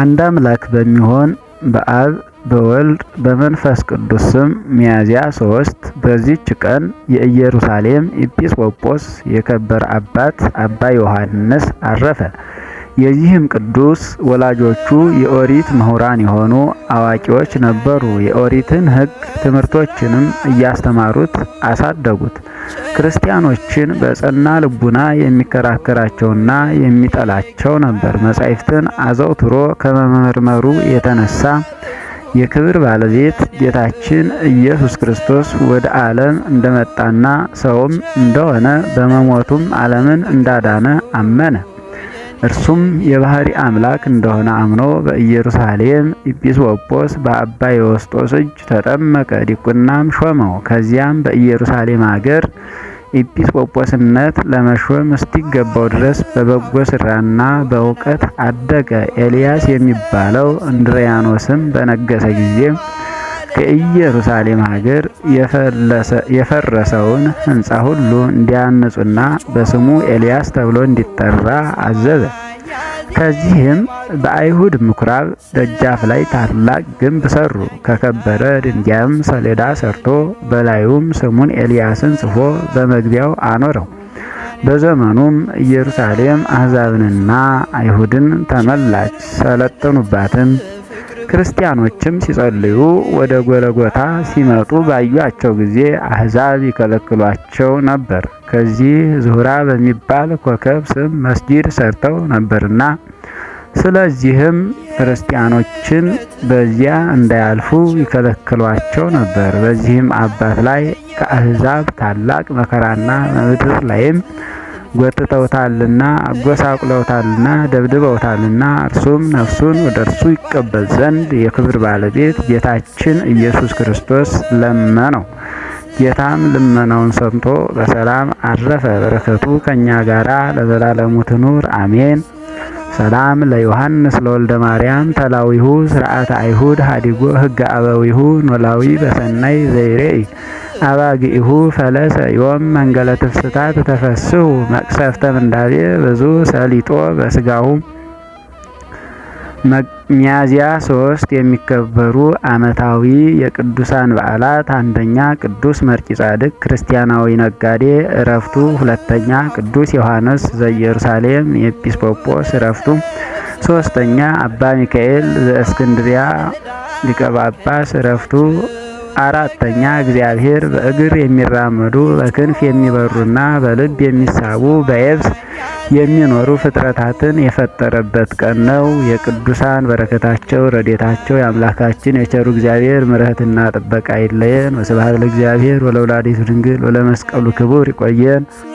አንድ አምላክ በሚሆን በአብ በወልድ በመንፈስ ቅዱስ ስም ሚያዝያ ሶስት በዚች ቀን የኢየሩሳሌም ኤጲስቆጶስ የከበረ አባት አባ ዮሐንስ አረፈ። የዚህም ቅዱስ ወላጆቹ የኦሪት ምሁራን የሆኑ አዋቂዎች ነበሩ። የኦሪትን ሕግ ትምህርቶችንም እያስተማሩት አሳደጉት። ክርስቲያኖችን በጸና ልቡና የሚከራከራቸውና የሚጠላቸው ነበር። መጻሕፍትን አዘውትሮ ከመመርመሩ የተነሳ የክብር ባለቤት ጌታችን ኢየሱስ ክርስቶስ ወደ ዓለም እንደመጣና ሰውም እንደሆነ በመሞቱም ዓለምን እንዳዳነ አመነ። እርሱም የባህሪ አምላክ እንደሆነ አምኖ በኢየሩሳሌም ኢጲስቆጶስ በአባ ዮስጦስ እጅ ተጠመቀ። ዲቁናም ሾመው። ከዚያም በኢየሩሳሌም አገር ኢጲስቆጶስነት ለመሾም እስኪገባው ድረስ በበጎ ስራና በእውቀት አደገ። ኤልያስ የሚባለው እንድርያኖስም በነገሰ ጊዜ ከኢየሩሳሌም ሀገር የፈረሰውን ሕንፃ ሁሉ እንዲያነጹና በስሙ ኤልያስ ተብሎ እንዲጠራ አዘዘ። ከዚህም በአይሁድ ምኩራብ ደጃፍ ላይ ታላቅ ግንብ ሰሩ። ከከበረ ድንጋይም ሰሌዳ ሰርቶ በላዩም ስሙን ኤልያስን ጽፎ በመግቢያው አኖረው። በዘመኑም ኢየሩሳሌም አሕዛብንና አይሁድን ተመላች፣ ሰለጠኑባትም። ክርስቲያኖችም ሲጸልዩ ወደ ጎለጎታ ሲመጡ ባዩአቸው ጊዜ አሕዛብ ይከለክሏቸው ነበር። ከዚህ ዙሁራ በሚባል ኮከብ ስም መስጂድ ሰርተው ነበርና፣ ስለዚህም ክርስቲያኖችን በዚያ እንዳያልፉ ይከለክሏቸው ነበር። በዚህም አባት ላይ ከአሕዛብ ታላቅ መከራና መብድር ላይም ጎትተውታልና አጎሳቁለውታልና ደብድበውታልና እርሱም ነፍሱን ወደ እርሱ ይቀበል ዘንድ የክብር ባለቤት ጌታችን ኢየሱስ ክርስቶስ ለመነው። ጌታም ልመናውን ሰምቶ በሰላም አረፈ። በረከቱ ከእኛ ጋራ ለዘላለሙ ትኑር አሜን። ሰላም ለዮሐንስ ለወልደ ማርያም ተላዊሁ ስርዓተ አይሁድ ሀዲጎ ህግ አበዊሁ ኖላዊ በሰናይ ዘይሬ አባጊሁ ፈለሰ ዮም መንገለ ትፍስታት ተፈስሁ መቅሰፍተ ምንዳቤ ብዙ ሰሊጦ በስጋው ሚያዝያ ሶስት የሚከበሩ ዓመታዊ የቅዱሳን በዓላት፣ አንደኛ ቅዱስ መርቂ ጻድቅ ክርስቲያናዊ ነጋዴ እረፍቱ፣ ሁለተኛ ቅዱስ ዮሐንስ ዘኢየሩሳሌም ኤጲስቆጶስ እረፍቱ፣ ሶስተኛ አባ ሚካኤል ዘእስክንድሪያ ሊቀ ጳጳስ እረፍቱ። አራተኛ እግዚአብሔር በእግር የሚራመዱ በክንፍ የሚበሩና በልብ የሚሳቡ በየብስ የሚኖሩ ፍጥረታትን የፈጠረበት ቀን ነው። የቅዱሳን በረከታቸው፣ ረዴታቸው የአምላካችን የቸሩ እግዚአብሔር ምረትና ጥበቃ አይለየን። ወስብሐት ለእግዚአብሔር ወለወላዲቱ ድንግል ወለመስቀሉ ክቡር። ይቆየን።